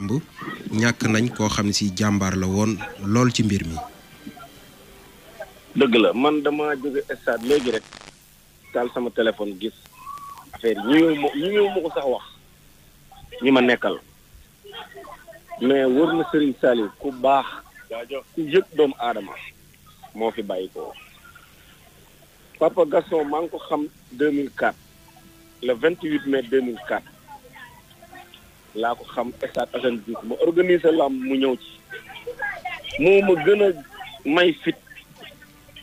làmb ñàkk nañ koo xam ne si jàmbaar la woon lool ci mbir mi. dëgg la man dama jóge stade léegi rek taal sama téléphone gis affaire yi ma sax wax ñi ma nekkal mais wër na Serigne Saliou ku baax ku yëg doomu aadama moo fi bàyyi ko Papa maa ngi ko xam 2004 le 28 mai 2004. laa ko xam stade Assane Diouf ma organiser lamb mu ñëw ci moo ma gën a may fit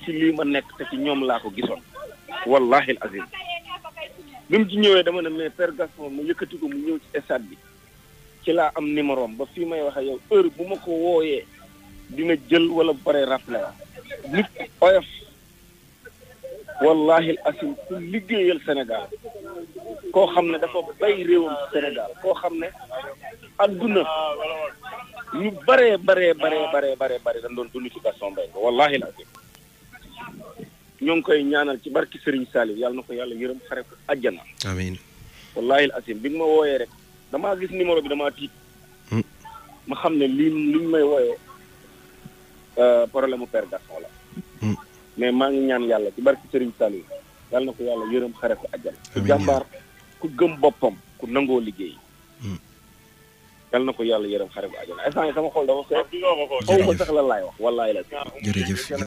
ci lii ma nekk te ci ñoom laa ko gisoon wallahi al azim bi mu ci ñëwee dama ne mais père Gaston ma yëkkati ko mu ñëw ci stade bi ci laa am numéro ba fii may wax ak yow bu ma ko wooyee dina jël wala bu paree rappelé nit oyof wallahi al azim liggéeyal Sénégal koo xam ne dafa bay réewam Sénégal koo xam ne adduna ñu bëree baree baree baree baree bëri dañ doon dund ci Gaston Mbengue wallahi la ñoo ngi koy ñaanal ci barki Serigne Saliou yàlla na ko yàlla yërëm xare ko àjjana amiin wallahi asim bi nga ma wooyee rek damaa gis numéro bi damaa tiit hmm. ma xam ne lii liñ may wooyee euh, problème mu père Gaston la hmm. mais maa ngi ñaan yàlla ci barki Serigne Saliou yàlla na ko yàlla yërëm xare ko àjjana jàmbaar ku gëm boppam ku nangoo liggéey. Hmm. yal na ko yàlla yërëm xare bu àjjana instant yii sama xol dafa seet. sax lan laay wax wallaay la. jërëjëf.